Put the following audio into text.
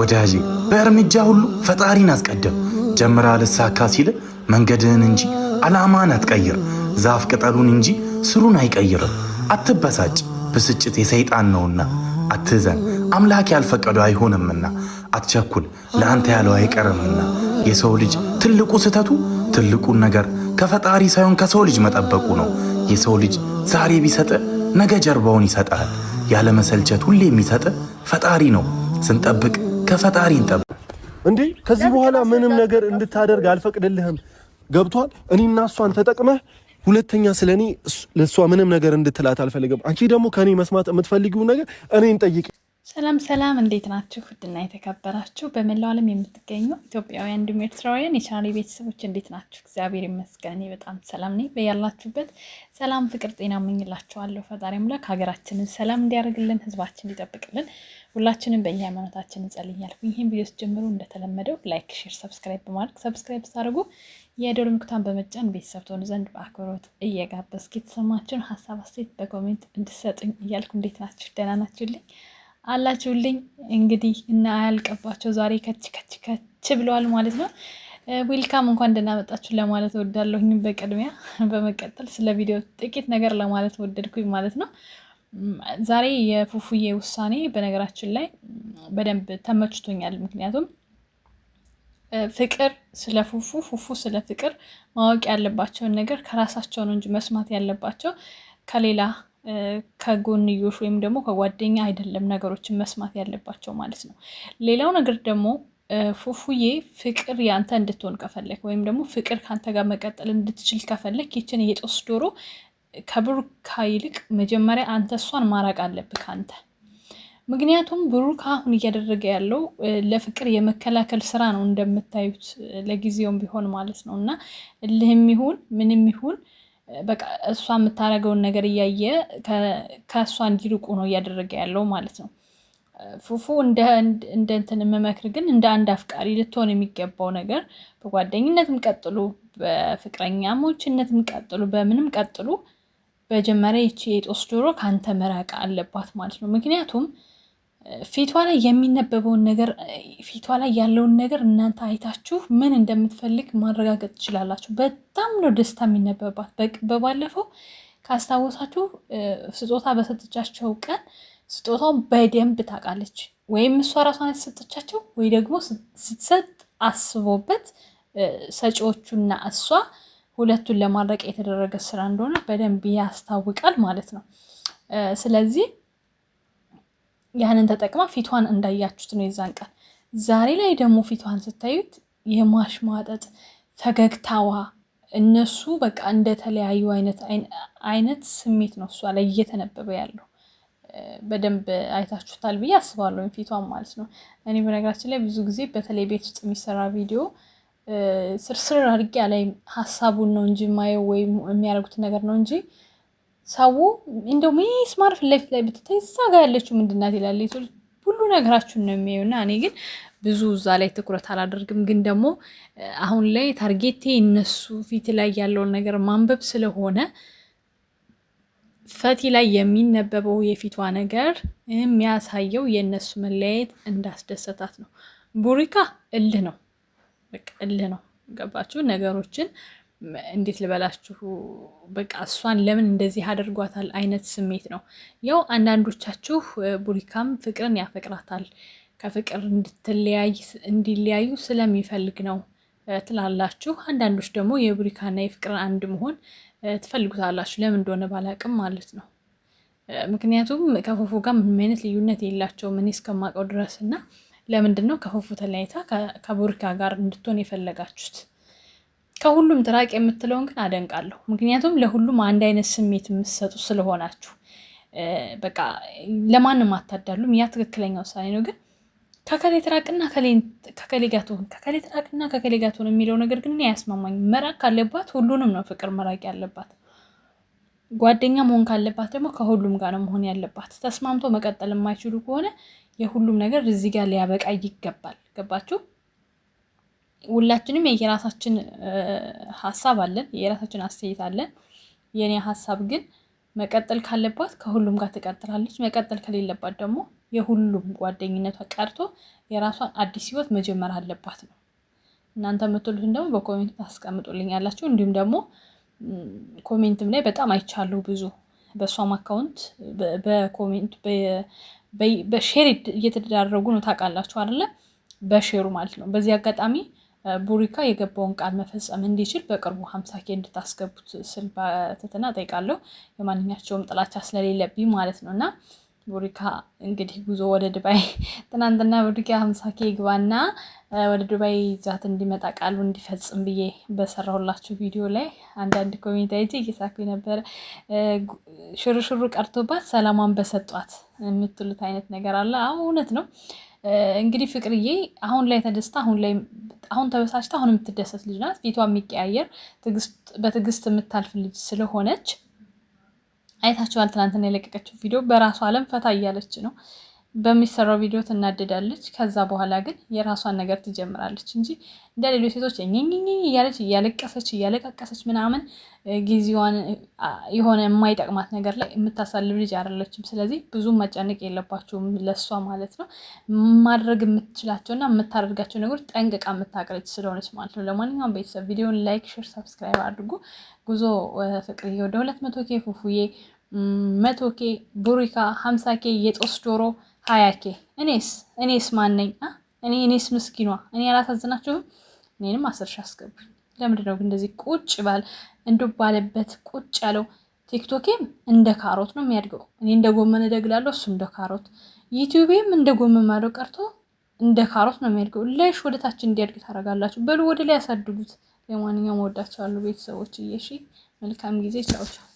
ወዳጄ በእርምጃ ሁሉ ፈጣሪን አስቀድም። ጀምራ ልሳካ ሲል መንገድህን እንጂ ዓላማን አትቀይር። ዛፍ ቅጠሉን እንጂ ስሩን አይቀይርም። አትበሳጭ፣ ብስጭት የሰይጣን ነውና። አትዘን፣ አምላክ ያልፈቀደው አይሆንምና። አትቸኩል፣ ለአንተ ያለው አይቀርምና። የሰው ልጅ ትልቁ ስህተቱ ትልቁን ነገር ከፈጣሪ ሳይሆን ከሰው ልጅ መጠበቁ ነው። የሰው ልጅ ዛሬ ቢሰጥ ነገ ጀርባውን ይሰጣል። ያለመሰልቸት ሁሌ የሚሰጥ ፈጣሪ ነው። ስንጠብቅ ከፈጣሪ እንጠብ እንዴ። ከዚህ በኋላ ምንም ነገር እንድታደርግ አልፈቅድልህም። ገብቷል። እኔና እሷን ተጠቅመህ ሁለተኛ ስለ እኔ ለእሷ ምንም ነገር እንድትላት አልፈልግም። አንቺ ደግሞ ከእኔ መስማት የምትፈልጊውን ነገር እኔን ጠይቅ። ሰላም ሰላም፣ እንዴት ናችሁ? ውድና የተከበራችሁ በመላው ዓለም የምትገኙ ኢትዮጵያውያን እንዲሁም ኤርትራውያን የቻናሌ ቤተሰቦች እንዴት ናችሁ? እግዚአብሔር ይመስገን በጣም ሰላም ነኝ። በያላችሁበት ሰላም፣ ፍቅር፣ ጤና እመኝላችኋለሁ። ፈጣሪ አምላክ ሀገራችንን ሰላም እንዲያደርግልን፣ ህዝባችን እንዲጠብቅልን፣ ሁላችንም በየሃይማኖታችን እንጸልይ እያልኩኝ ይህን ቪዲዮ ጀምሮ እንደተለመደው ላይክ፣ ሼር፣ ሰብስክራይብ በማድረግ ሰብስክራይብ ስታደርጉ የደወል ምልክቱን በመጫን ቤተሰብ ትሆኑ ዘንድ በአክብሮት እየጋበዝኩ የተሰማችሁን ሀሳብ አስተያየት በኮሜንት እንድሰጡኝ እያልኩ እንዴት ናችሁ? ደህና ናችሁልኝ? አላችሁልኝ። እንግዲህ እና ያልቀባቸው ዛሬ ከች ከች ከች ብለዋል ማለት ነው። ዌልካም እንኳን ደህና መጣችሁ ለማለት ወዳለሁኝ በቅድሚያ በመቀጠል ስለ ቪዲዮ ጥቂት ነገር ለማለት ወደድኩኝ ማለት ነው። ዛሬ የፉፉዬ ውሳኔ በነገራችን ላይ በደንብ ተመችቶኛል። ምክንያቱም ፍቅር ስለ ፉፉ፣ ፉፉ ስለ ፍቅር ማወቅ ያለባቸውን ነገር ከራሳቸው ነው እንጂ መስማት ያለባቸው ከሌላ ከጎንዮሽ ወይም ደግሞ ከጓደኛ አይደለም ነገሮችን መስማት ያለባቸው ማለት ነው። ሌላው ነገር ደግሞ ፉፉዬ ፍቅር ያንተ እንድትሆን ከፈለክ ወይም ደግሞ ፍቅር ከአንተ ጋር መቀጠል እንድትችል ከፈለክ ይችን የጦስ ዶሮ ከብሩካ ይልቅ መጀመሪያ አንተ እሷን ማራቅ አለብህ ከአንተ ምክንያቱም ብሩካ አሁን እያደረገ ያለው ለፍቅር የመከላከል ስራ ነው እንደምታዩት፣ ለጊዜውም ቢሆን ማለት ነው እና እልህም ይሁን ምንም ይሁን በቃ እሷ የምታደርገውን ነገር እያየ ከእሷ እንዲርቁ ነው እያደረገ ያለው ማለት ነው። ፉፉ እንደ እንትን የምመክር ግን እንደ አንድ አፍቃሪ ልትሆን የሚገባው ነገር በጓደኝነትም ቀጥሉ፣ በፍቅረኛሞችነትም ቀጥሉ፣ በምንም ቀጥሉ፣ በጀመሪያ ይቺ የጦስ ዶሮ ከአንተ መራቅ አለባት ማለት ነው። ምክንያቱም ፊቷ ላይ የሚነበበውን ነገር ፊቷ ላይ ያለውን ነገር እናንተ አይታችሁ ምን እንደምትፈልግ ማረጋገጥ ትችላላችሁ። በጣም ነው ደስታ የሚነበባት። በባለፈው ካስታወሳችሁ ስጦታ በሰጠቻቸው ቀን ስጦታውን በደንብ ታውቃለች። ወይም እሷ ራሷን የተሰጠቻቸው ወይ ደግሞ ስትሰጥ አስቦበት ሰጪዎቹና እሷ ሁለቱን ለማድረቅ የተደረገ ስራ እንደሆነ በደንብ ያስታውቃል ማለት ነው። ስለዚህ ያንን ተጠቅማ ፊቷን እንዳያችሁት ነው የዛን ቀን። ዛሬ ላይ ደግሞ ፊቷን ስታዩት የማሽሟጠጥ ፈገግታዋ እነሱ በቃ እንደተለያዩ አይነት አይነት ስሜት ነው እሷ ላይ እየተነበበ ያለው። በደንብ አይታችሁታል ብዬ አስባለሁ፣ ፊቷን ማለት ነው። እኔ በነገራችን ላይ ብዙ ጊዜ በተለይ ቤት ውስጥ የሚሰራ ቪዲዮ ስርስር አድርጌ ላይ ሀሳቡን ነው እንጂ የማየው ወይም የሚያደርጉትን ነገር ነው እንጂ ሰው እንደውም ስማር ፊት ለፊት ላይ ብትታይ እዛ ጋር ያለችው ምንድናት ይላል። ሁሉ ነገራችሁን ነው የሚያዩና እኔ ግን ብዙ እዛ ላይ ትኩረት አላደርግም። ግን ደግሞ አሁን ላይ ታርጌቴ እነሱ ፊት ላይ ያለውን ነገር ማንበብ ስለሆነ ፈቲ ላይ የሚነበበው የፊቷ ነገር የሚያሳየው የእነሱ መለያየት እንዳስደሰታት ነው። ቡሪካ እልህ ነው፣ በቃ እልህ ነው። ገባችሁ ነገሮችን እንዴት ልበላችሁ፣ በቃ እሷን ለምን እንደዚህ አድርጓታል አይነት ስሜት ነው። ያው አንዳንዶቻችሁ ቡሪካም ፍቅርን ያፈቅራታል ከፍቅር እንድትለያይ እንዲለያዩ ስለሚፈልግ ነው ትላላችሁ። አንዳንዶች ደግሞ የቡሪካና የፍቅርን አንድ መሆን ትፈልጉታላችሁ፣ ለምን እንደሆነ ባላቅም ማለት ነው። ምክንያቱም ከፎፎ ጋር ምንም አይነት ልዩነት የላቸውም እኔ እስከማውቀው ድረስ እና ለምንድን ነው ከፎፎ ተለያይታ ከቡሪካ ጋር እንድትሆን የፈለጋችሁት? ከሁሉም ትራቅ የምትለውን ግን አደንቃለሁ። ምክንያቱም ለሁሉም አንድ አይነት ስሜት የምትሰጡ ስለሆናችሁ በቃ ለማንም አታዳሉም። ያ ትክክለኛ ውሳኔ ነው። ግን ከከሌ ትራቅና ከከሌ ጋር ትሆን ከከሌ ትራቅና ከከሌ ጋር ትሆን የሚለው ነገር ግን አያስማማኝ። መራቅ ካለባት ሁሉንም ነው ፍቅር መራቅ ያለባት። ጓደኛ መሆን ካለባት ደግሞ ከሁሉም ጋር ነው መሆን ያለባት። ተስማምቶ መቀጠል የማይችሉ ከሆነ የሁሉም ነገር እዚህ ጋር ሊያበቃ ይገባል። ገባችሁ? ሁላችንም የራሳችን ሀሳብ አለን፣ የራሳችን አስተያየት አለን። የእኔ ሀሳብ ግን መቀጠል ካለባት ከሁሉም ጋር ትቀጥላለች። መቀጠል ከሌለባት ደግሞ የሁሉም ጓደኝነቷ ቀርቶ የራሷን አዲስ ህይወት መጀመር አለባት ነው። እናንተ የምትሉትን ደግሞ በኮሜንት ታስቀምጡልኝ ያላችሁ እንዲሁም ደግሞ ኮሜንትም ላይ በጣም አይቻለሁ ብዙ በእሷም አካውንት በኮሜንት በሼር እየተደራረጉ ነው። ታውቃላችሁ አይደለ? በሼሩ ማለት ነው። በዚህ አጋጣሚ ቡሪካ የገባውን ቃል መፈጸም እንዲችል በቅርቡ ሀምሳ ኬ እንድታስገቡት ስል በትህትና ጠይቃለሁ። የማንኛቸውም ጥላቻ ስለሌለብኝ ማለት ነው። እና ቡሪካ እንግዲህ ጉዞ ወደ ድባይ ትናንትና ቡሪካ ሀምሳ ኬ ግባና ወደ ዱባይ ይዛት እንዲመጣ ቃሉ እንዲፈጽም ብዬ በሰራሁላችሁ ቪዲዮ ላይ አንዳንድ ኮሚኒቲ አይቼ እየሳኩ ነበረ። ሽርሽሩ ቀርቶባት ሰላሟን በሰጧት የምትሉት አይነት ነገር አለ። አሁ እውነት ነው። እንግዲህ ፍቅርዬ አሁን ላይ ተደስታ አሁን ላይ አሁን ተበሳጭታ አሁን የምትደሰት ልጅ ናት። ፊቷ የሚቀያየር በትዕግስት የምታልፍ ልጅ ስለሆነች አይታችኋል። ትናንትና የለቀቀችው ቪዲዮ በራሷ አለም ፈታ እያለች ነው። በሚሰራው ቪዲዮ ትናደዳለች። ከዛ በኋላ ግን የራሷን ነገር ትጀምራለች እንጂ እንደ ሌሎች ሴቶች ኝኝኝ እያለች እያለቀሰች እያለቀቀሰች ምናምን ጊዜዋን የሆነ የማይጠቅማት ነገር ላይ የምታሳልብ ልጅ አይደለችም። ስለዚህ ብዙ መጨነቅ የለባቸውም ለሷ ማለት ነው። ማድረግ የምትችላቸውና የምታደርጋቸው ነገሮች ጠንቅቃ የምታቀለች ስለሆነች ማለት ነው። ለማንኛውም ቤተሰብ ቪዲዮን ላይክ፣ ሼር፣ ሰብስክራይብ አድርጉ። ጉዞ ፍቅርዬ ወደ ሁለት መቶ ኬ ፉፉዬ መቶ ኬ ቡሪካ ሀምሳ ኬ የጦስ ዶሮ ሀያኬ እኔስ እኔስ ማነኝ? እኔ እኔስ ምስኪኗ እኔ አላሳዝናችሁም? እኔንም አስር ሺህ አስገቡኝ። ለምንድን ነው ግን እንደዚህ ቁጭ ባል እንዶ ባለበት ቁጭ ያለው? ቲክቶኬም እንደ ካሮት ነው የሚያድገው። እኔ እንደ ጎመን እደግላለሁ፣ እሱ እንደ ካሮት። ዩቲዩቤም እንደ ጎመን ማደግ ቀርቶ እንደ ካሮት ነው የሚያድገው። ላይሽ ወደ እንዲያድግ ታደርጋላችሁ። በሉ ወደ ላይ ያሳድጉት። ለማንኛውም ወዳችኋለሁ ቤተሰቦች፣ እየሺ መልካም ጊዜ። ቻውቻው